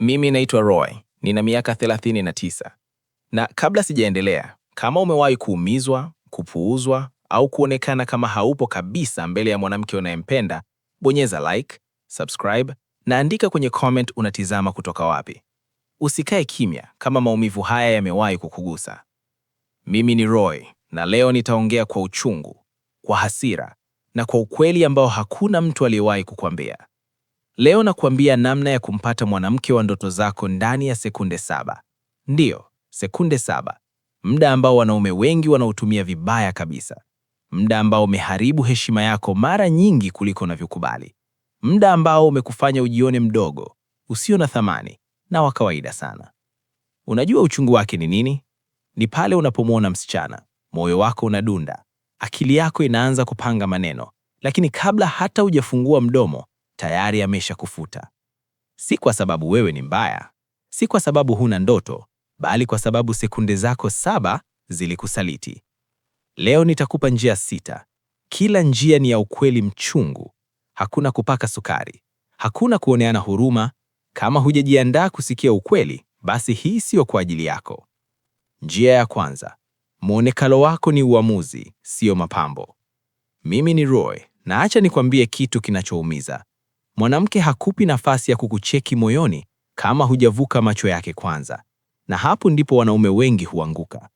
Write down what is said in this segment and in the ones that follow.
Mimi naitwa Roy, nina miaka 39. Na kabla sijaendelea, kama umewahi kuumizwa, kupuuzwa au kuonekana kama haupo kabisa mbele ya mwanamke unayempenda, bonyeza like, subscribe na andika kwenye comment unatizama kutoka wapi. Usikae kimya kama maumivu haya yamewahi kukugusa. Mimi ni Roy na leo nitaongea kwa uchungu, kwa hasira na kwa ukweli ambao hakuna mtu aliyewahi kukwambia. Leo nakuambia namna ya kumpata mwanamke wa ndoto zako ndani ya sekunde saba. Ndiyo, sekunde saba, muda ambao wanaume wengi wanautumia vibaya kabisa, muda ambao umeharibu heshima yako mara nyingi kuliko unavyokubali, muda ambao umekufanya ujione mdogo, usio na thamani na wa kawaida sana. Unajua uchungu wake ni nini? Ni pale unapomwona msichana, moyo wako unadunda, akili yako inaanza kupanga maneno, lakini kabla hata hujafungua mdomo tayari ameshakufuta. Si kwa sababu wewe ni mbaya, si kwa sababu huna ndoto, bali kwa sababu sekunde zako saba zilikusaliti. Leo nitakupa njia sita. Kila njia ni ya ukweli mchungu. Hakuna kupaka sukari, hakuna kuoneana huruma. Kama hujajiandaa kusikia ukweli, basi hii siyo kwa ajili yako. Njia ya kwanza: muonekano wako ni uamuzi, siyo mapambo. Mimi ni Roy, na acha nikwambie kitu kinachoumiza mwanamke hakupi nafasi ya kukucheki moyoni kama hujavuka macho yake kwanza. Na hapo ndipo wanaume wengi huanguka.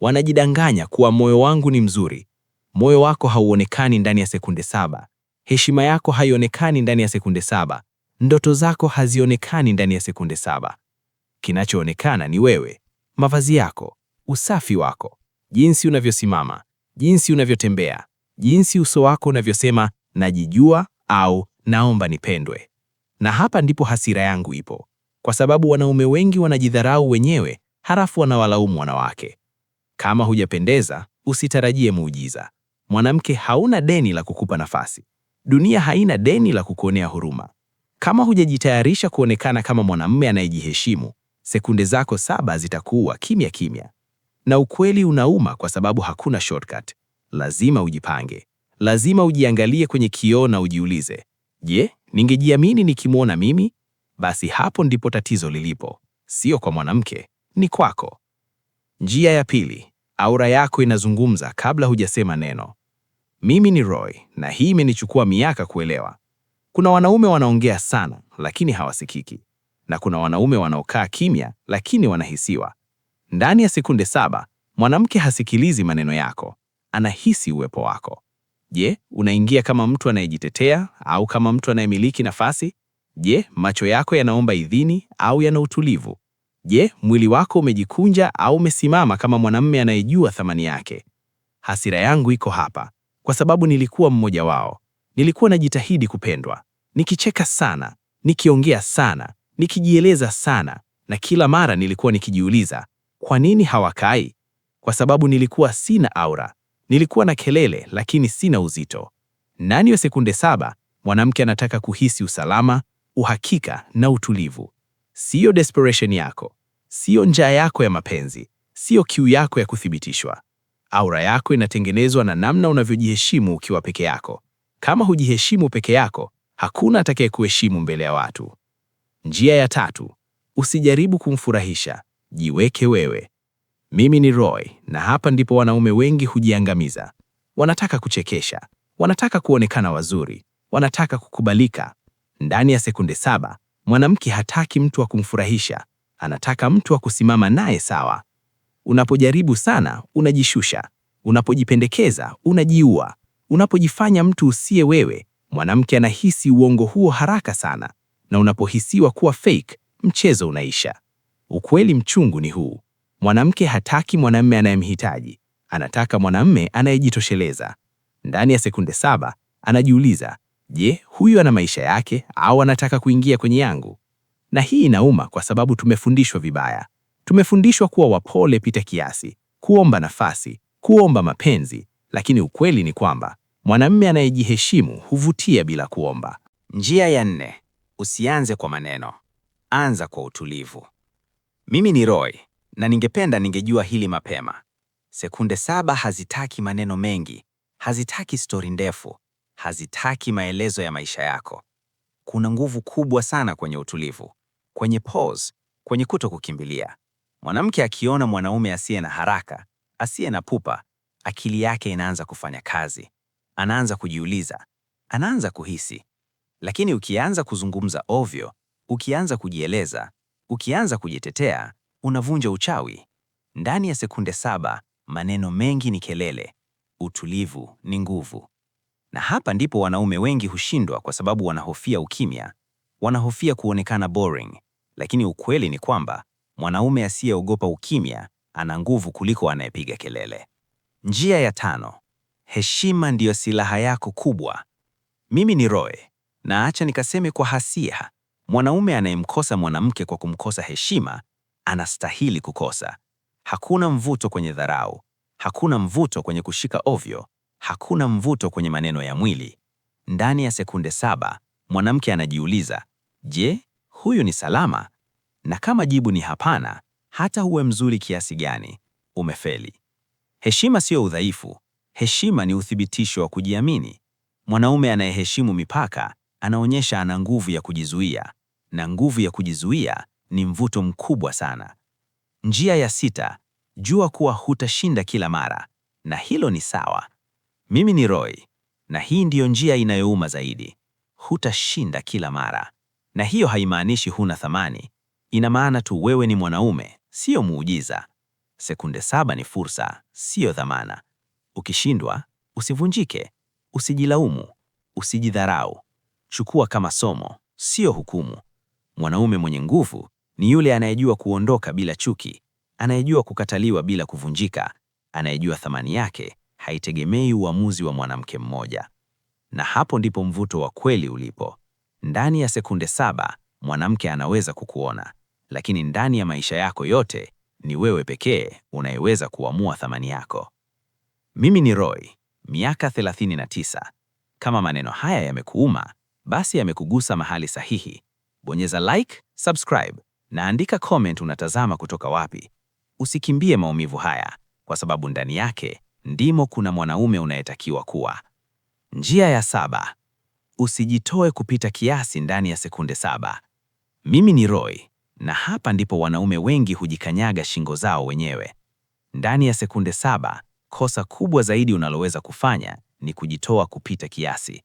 Wanajidanganya kuwa moyo wangu ni mzuri. Moyo wako hauonekani ndani ya sekunde saba. Heshima yako haionekani ndani ya sekunde saba. Ndoto zako hazionekani ndani ya sekunde saba. Kinachoonekana ni wewe, mavazi yako, usafi wako, jinsi unavyosimama, jinsi unavyotembea, jinsi uso wako unavyosema najijua au naomba nipendwe. Na hapa ndipo hasira yangu ipo, kwa sababu wanaume wengi wanajidharau wenyewe, halafu wanawalaumu wanawake. Kama hujapendeza, usitarajie muujiza. Mwanamke, hauna deni la kukupa nafasi. Dunia haina deni la kukuonea huruma. Kama hujajitayarisha kuonekana kama mwanamume anayejiheshimu, sekunde zako saba zitakuua kimya kimya. Na ukweli unauma, kwa sababu hakuna shortcut. Lazima ujipange, lazima ujiangalie kwenye kioo na ujiulize, Je, ningejiamini nikimwona mimi? Basi hapo ndipo tatizo lilipo, sio kwa mwanamke, ni kwako. Njia ya pili, aura yako inazungumza kabla hujasema neno. Mimi ni Roy na hii imenichukua miaka kuelewa. Kuna wanaume wanaongea sana lakini hawasikiki, na kuna wanaume wanaokaa kimya lakini wanahisiwa. Ndani ya sekunde saba mwanamke hasikilizi maneno yako, anahisi uwepo wako. Je, unaingia kama mtu anayejitetea au kama mtu anayemiliki nafasi? Je, macho yako yanaomba idhini au yana utulivu? Je, mwili wako umejikunja au umesimama kama mwanamume anayejua thamani yake? Hasira yangu iko hapa kwa sababu nilikuwa mmoja wao. Nilikuwa najitahidi kupendwa, nikicheka sana, nikiongea sana, nikijieleza sana, na kila mara nilikuwa nikijiuliza, kwa nini hawakai? Kwa sababu nilikuwa sina aura. Nilikuwa na kelele lakini sina uzito. Ndani ya sekunde saba mwanamke anataka kuhisi usalama, uhakika na utulivu. Siyo desperation yako, siyo njaa yako ya mapenzi, siyo kiu yako ya kuthibitishwa. Aura yako inatengenezwa na namna unavyojiheshimu ukiwa peke yako. Kama hujiheshimu peke yako, hakuna atakayekuheshimu mbele ya watu. Njia ya tatu: usijaribu kumfurahisha, jiweke wewe. Mimi ni Roy na hapa ndipo wanaume wengi hujiangamiza. Wanataka kuchekesha, wanataka kuonekana wazuri, wanataka kukubalika. Ndani ya sekunde saba, mwanamke hataki mtu wa kumfurahisha, anataka mtu wa kusimama naye sawa. Unapojaribu sana, unajishusha. Unapojipendekeza, unajiua. Unapojifanya mtu usiye wewe, mwanamke anahisi uongo huo haraka sana, na unapohisiwa kuwa fake, mchezo unaisha. Ukweli mchungu ni huu: Mwanamke hataki mwanamme anayemhitaji, anataka mwanamme anayejitosheleza. Ndani ya sekunde saba anajiuliza, je, huyu ana maisha yake au anataka kuingia kwenye yangu? Na hii inauma kwa sababu tumefundishwa vibaya. Tumefundishwa kuwa wapole pita kiasi, kuomba nafasi, kuomba mapenzi, lakini ukweli ni kwamba mwanamme anayejiheshimu huvutia bila kuomba. Njia ya nne: usianze kwa maneno, anza kwa utulivu. Mimi ni Roy, na ningependa ningejua hili mapema. Sekunde saba hazitaki maneno mengi, hazitaki stori ndefu, hazitaki maelezo ya maisha yako. Kuna nguvu kubwa sana kwenye utulivu, kwenye pause, kwenye kuto kukimbilia. Mwanamke akiona mwanaume asiye na haraka, asiye na pupa, akili yake inaanza kufanya kazi, anaanza kujiuliza, anaanza kuhisi. Lakini ukianza kuzungumza ovyo, ukianza kujieleza, ukianza kujitetea, unavunja uchawi. Ndani ya sekunde saba, maneno mengi ni kelele, utulivu ni nguvu. Na hapa ndipo wanaume wengi hushindwa, kwa sababu wanahofia ukimya, wanahofia kuonekana boring. Lakini ukweli ni kwamba mwanaume asiyeogopa ukimya ana nguvu kuliko anayepiga kelele. Njia ya tano, heshima ndiyo silaha yako kubwa. Mimi ni Roy na acha nikaseme kwa hasia, mwanaume anayemkosa mwanamke kwa kumkosa heshima anastahili kukosa. Hakuna mvuto kwenye dharau, hakuna mvuto kwenye kushika ovyo, hakuna mvuto kwenye maneno ya mwili. Ndani ya sekunde saba mwanamke anajiuliza, je, huyu ni salama? Na kama jibu ni hapana, hata uwe mzuri kiasi gani, umefeli. Heshima siyo udhaifu, heshima ni uthibitisho wa kujiamini. Mwanaume anayeheshimu mipaka anaonyesha ana nguvu ya kujizuia, na nguvu ya kujizuia ni mvuto mkubwa sana. Njia ya sita, jua kuwa hutashinda kila mara na hilo ni sawa. Mimi ni Roy na hii ndiyo njia inayouma zaidi. Hutashinda kila mara, na hiyo haimaanishi huna thamani. Ina maana tu wewe ni mwanaume, sio muujiza. Sekunde saba ni fursa, siyo dhamana. Ukishindwa usivunjike, usijilaumu, usijidharau. Chukua kama somo, siyo hukumu. Mwanaume mwenye nguvu ni yule anayejua kuondoka bila chuki, anayejua kukataliwa bila kuvunjika, anayejua thamani yake haitegemei uamuzi wa mwanamke mmoja. Na hapo ndipo mvuto wa kweli ulipo. Ndani ya sekunde saba mwanamke anaweza kukuona, lakini ndani ya maisha yako yote ni wewe pekee unayeweza kuamua thamani yako. Mimi ni Roy, miaka 39. Kama maneno haya yamekuuma, basi yamekugusa mahali sahihi. Bonyeza like, subscribe na andika comment unatazama kutoka wapi. Usikimbie maumivu haya, kwa sababu ndani yake ndimo kuna mwanaume unayetakiwa kuwa. Njia ya saba: usijitoe kupita kiasi ndani ya sekunde saba. Mimi ni Roy na hapa ndipo wanaume wengi hujikanyaga shingo zao wenyewe. Ndani ya sekunde saba, kosa kubwa zaidi unaloweza kufanya ni kujitoa kupita kiasi.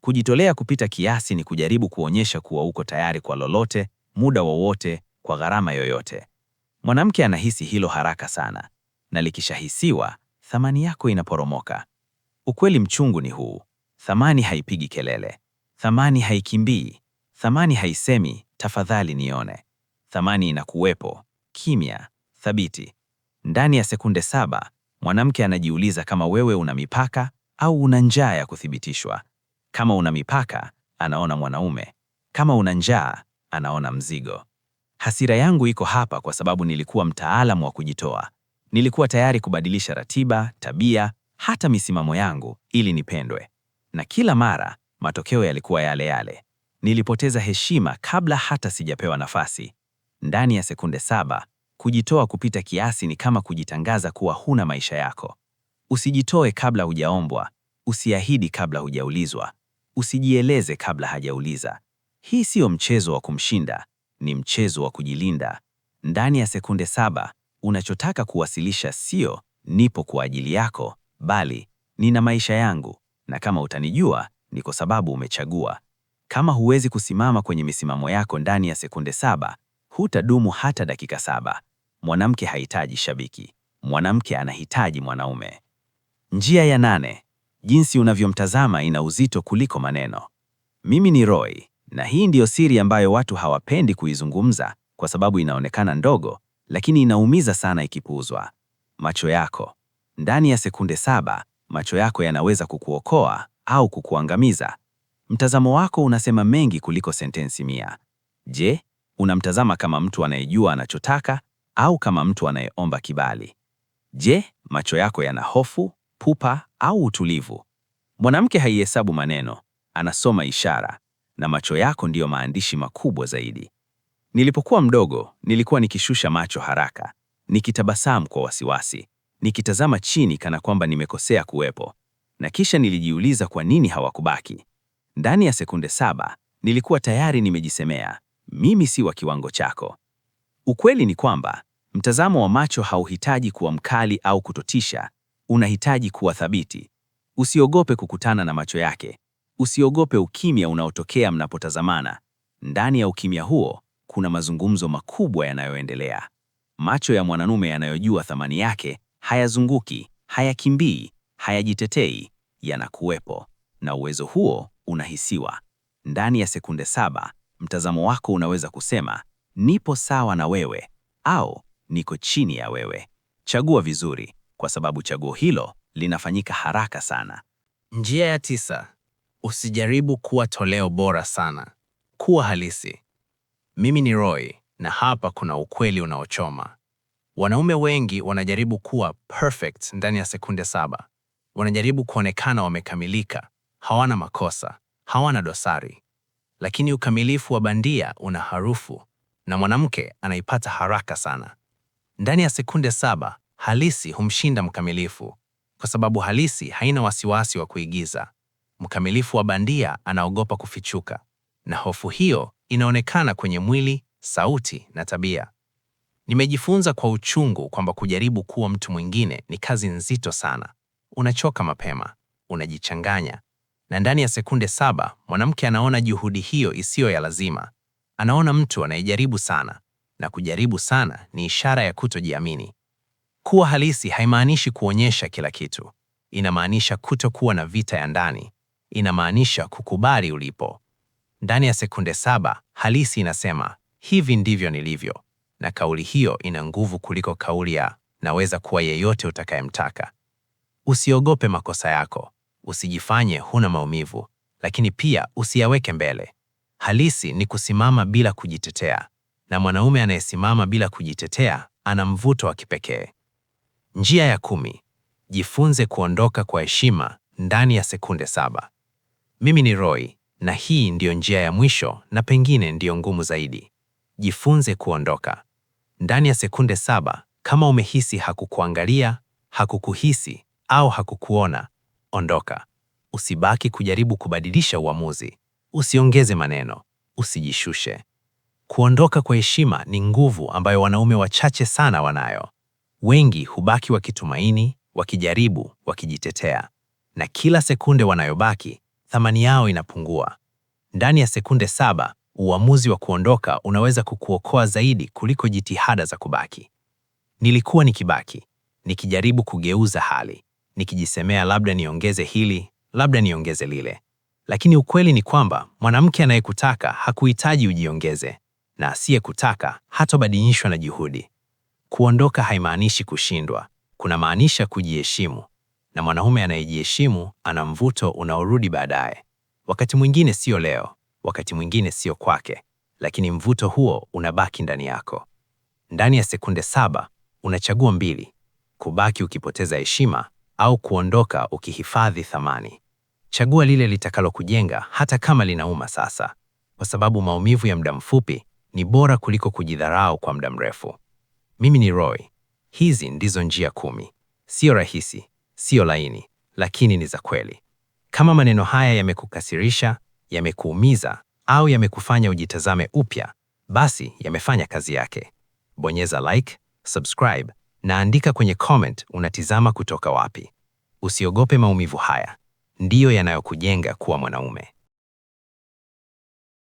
Kujitolea kupita kiasi ni kujaribu kuonyesha kuwa uko tayari kwa lolote, muda wowote, kwa gharama yoyote. Mwanamke anahisi hilo haraka sana, na likishahisiwa, thamani yako inaporomoka. Ukweli mchungu ni huu: thamani haipigi kelele, thamani haikimbii, thamani haisemi tafadhali nione. Thamani inakuwepo kimya, thabiti. Ndani ya sekunde saba mwanamke anajiuliza kama wewe una mipaka au una njaa ya kuthibitishwa. Kama una mipaka, anaona mwanaume; kama una njaa, anaona mzigo. Hasira yangu iko hapa kwa sababu nilikuwa mtaalamu wa kujitoa. Nilikuwa tayari kubadilisha ratiba, tabia, hata misimamo yangu ili nipendwe, na kila mara matokeo yalikuwa yale yale. Nilipoteza heshima kabla hata sijapewa nafasi. Ndani ya sekunde saba, kujitoa kupita kiasi ni kama kujitangaza kuwa huna maisha yako. Usijitoe kabla hujaombwa, usiahidi kabla hujaulizwa, usijieleze kabla hajauliza. Hii siyo mchezo wa kumshinda, ni mchezo wa kujilinda. Ndani ya sekunde saba, unachotaka kuwasilisha sio nipo kwa ajili yako, bali nina maisha yangu, na kama utanijua ni kwa sababu umechagua. Kama huwezi kusimama kwenye misimamo yako ndani ya sekunde saba, hutadumu hata dakika saba. Mwanamke hahitaji shabiki, mwanamke anahitaji mwanaume. Njia ya nane: jinsi unavyomtazama ina uzito kuliko maneno. Mimi ni Roy, na hii ndiyo siri ambayo watu hawapendi kuizungumza kwa sababu inaonekana ndogo, lakini inaumiza sana ikipuuzwa. Macho yako. Ndani ya sekunde saba, macho yako yanaweza kukuokoa au kukuangamiza. Mtazamo wako unasema mengi kuliko sentensi mia. Je, unamtazama kama mtu anayejua anachotaka au kama mtu anayeomba kibali? Je, macho yako yana hofu, pupa au utulivu? Mwanamke haihesabu maneno, anasoma ishara na macho yako ndiyo maandishi makubwa zaidi. Nilipokuwa mdogo, nilikuwa nikishusha macho haraka, nikitabasamu kwa wasiwasi, nikitazama chini kana kwamba nimekosea kuwepo, na kisha nilijiuliza kwa nini hawakubaki. Ndani ya sekunde saba nilikuwa tayari nimejisemea, mimi si wa kiwango chako. Ukweli ni kwamba mtazamo wa macho hauhitaji kuwa mkali au kutotisha, unahitaji kuwa thabiti. Usiogope kukutana na macho yake, Usiogope ukimya unaotokea mnapotazamana. Ndani ya ukimya huo kuna mazungumzo makubwa yanayoendelea. Macho ya mwanamume yanayojua thamani yake hayazunguki, hayakimbii, hayajitetei, yanakuwepo, na uwezo huo unahisiwa. Ndani ya sekunde saba mtazamo wako unaweza kusema nipo sawa na wewe au niko chini ya wewe. Chagua vizuri, kwa sababu chaguo hilo linafanyika haraka sana. Njia ya tisa: Usijaribu kuwa toleo bora sana, kuwa halisi. Mimi ni Roy na hapa kuna ukweli unaochoma. Wanaume wengi wanajaribu kuwa perfect ndani ya sekunde saba. Wanajaribu kuonekana wamekamilika, hawana makosa, hawana dosari. Lakini ukamilifu wa bandia una harufu, na mwanamke anaipata haraka sana. Ndani ya sekunde saba, halisi humshinda mkamilifu, kwa sababu halisi haina wasiwasi wa kuigiza mkamilifu wa bandia anaogopa kufichuka, na hofu hiyo inaonekana kwenye mwili, sauti na tabia. Nimejifunza kwa uchungu kwamba kujaribu kuwa mtu mwingine ni kazi nzito sana. Unachoka mapema, unajichanganya, na ndani ya sekunde saba mwanamke anaona juhudi hiyo isiyo ya lazima. Anaona mtu anayejaribu sana, na kujaribu sana ni ishara ya kutojiamini. Kuwa halisi haimaanishi kuonyesha kila kitu, inamaanisha kutokuwa na vita ya ndani inamaanisha kukubali ulipo. Ndani ya sekunde saba, halisi inasema hivi ndivyo nilivyo, na kauli hiyo ina nguvu kuliko kauli ya naweza kuwa yeyote utakayemtaka. Usiogope makosa yako, usijifanye huna maumivu, lakini pia usiyaweke mbele. Halisi ni kusimama bila kujitetea, na mwanaume anayesimama bila kujitetea ana mvuto wa kipekee. Njia ya kumi: jifunze kuondoka kwa heshima ndani ya sekunde saba. Mimi ni Roy na hii ndiyo njia ya mwisho na pengine ndiyo ngumu zaidi. Jifunze kuondoka. Ndani ya sekunde saba, kama umehisi hakukuangalia, hakukuhisi au hakukuona, ondoka. Usibaki kujaribu kubadilisha uamuzi. Usiongeze maneno, usijishushe. Kuondoka kwa heshima ni nguvu ambayo wanaume wachache sana wanayo. Wengi hubaki wakitumaini, wakijaribu, wakijitetea, na kila sekunde wanayobaki thamani yao inapungua. Ndani ya sekunde saba, uamuzi wa kuondoka unaweza kukuokoa zaidi kuliko jitihada za kubaki. Nilikuwa nikibaki, nikijaribu kugeuza hali, nikijisemea labda niongeze hili, labda niongeze lile. Lakini ukweli ni kwamba mwanamke anayekutaka hakuhitaji ujiongeze, na asiyekutaka hatabadilishwa na juhudi. Kuondoka haimaanishi kushindwa, kunamaanisha kujiheshimu na mwanaume anayejiheshimu ana mvuto unaorudi baadaye. Wakati mwingine sio leo, wakati mwingine sio kwake, lakini mvuto huo unabaki ndani yako. Ndani ya sekunde saba unachagua mbili: kubaki ukipoteza heshima au kuondoka ukihifadhi thamani. Chagua lile litakalokujenga hata kama linauma sasa, kwa sababu maumivu ya muda mfupi ni bora kuliko kujidharau kwa muda mrefu. Mimi ni Roy. Hizi ndizo njia kumi, sio rahisi sio laini, lakini ni za kweli. Kama maneno haya yamekukasirisha, yamekuumiza au yamekufanya ujitazame upya, basi yamefanya kazi yake. Bonyeza like, subscribe na andika kwenye comment unatizama kutoka wapi. Usiogope maumivu haya, ndiyo yanayokujenga kuwa mwanaume.